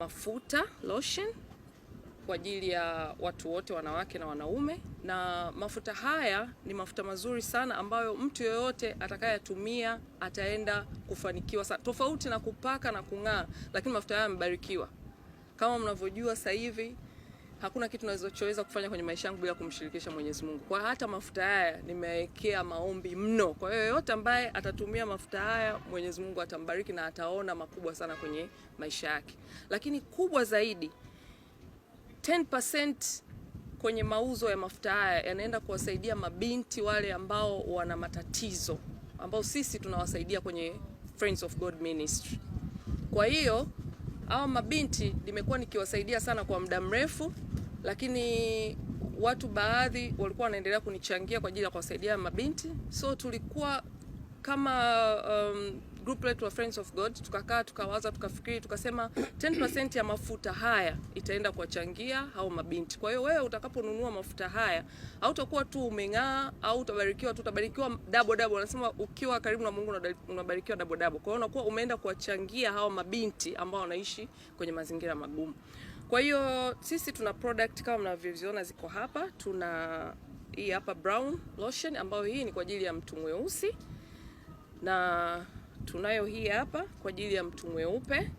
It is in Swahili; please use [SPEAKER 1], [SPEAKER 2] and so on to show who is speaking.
[SPEAKER 1] mafuta lotion kwa ajili ya watu wote, wanawake na wanaume, na mafuta haya ni mafuta mazuri sana ambayo mtu yoyote atakayatumia ataenda kufanikiwa sana, tofauti na kupaka na kung'aa, lakini mafuta haya yamebarikiwa. Kama mnavyojua sasa hivi Hakuna kitu ninachoweza kufanya kwenye maisha yangu bila kumshirikisha Mwenyezi Mungu. Kwa hata mafuta haya nimewekea maombi mno. Kwa hiyo yoyote ambaye atatumia mafuta haya Mwenyezi Mungu atambariki na ataona makubwa sana kwenye maisha yake. Lakini kubwa zaidi 10% kwenye mauzo ya mafuta haya yanaenda kuwasaidia mabinti wale ambao wana matatizo ambao sisi tunawasaidia kwenye Friends of God Ministry. Kwa hiyo hawa mabinti nimekuwa nikiwasaidia sana kwa muda mrefu lakini watu baadhi walikuwa wanaendelea kunichangia kwa ajili ya kuwasaidia mabinti, so tulikuwa kama um, group letu wa Friends of God tukakaa tukawaza tukafikiri tukasema 10% ya mafuta haya itaenda kuwachangia hao mabinti. Kwa hiyo wewe utakaponunua mafuta haya hautakuwa tu umeng'aa au utabarikiwa tu, utabarikiwa double double. Wanasema ukiwa karibu na Mungu unabarikiwa double double. Kwa hiyo unakuwa umeenda kuwachangia hao mabinti ambao wanaishi kwenye mazingira magumu. Kwa hiyo sisi tuna product kama mnavyoziona ziko hapa. Tuna hii hapa brown lotion ambayo hii ni kwa ajili ya mtu mweusi, na tunayo hii hapa kwa ajili ya mtu mweupe.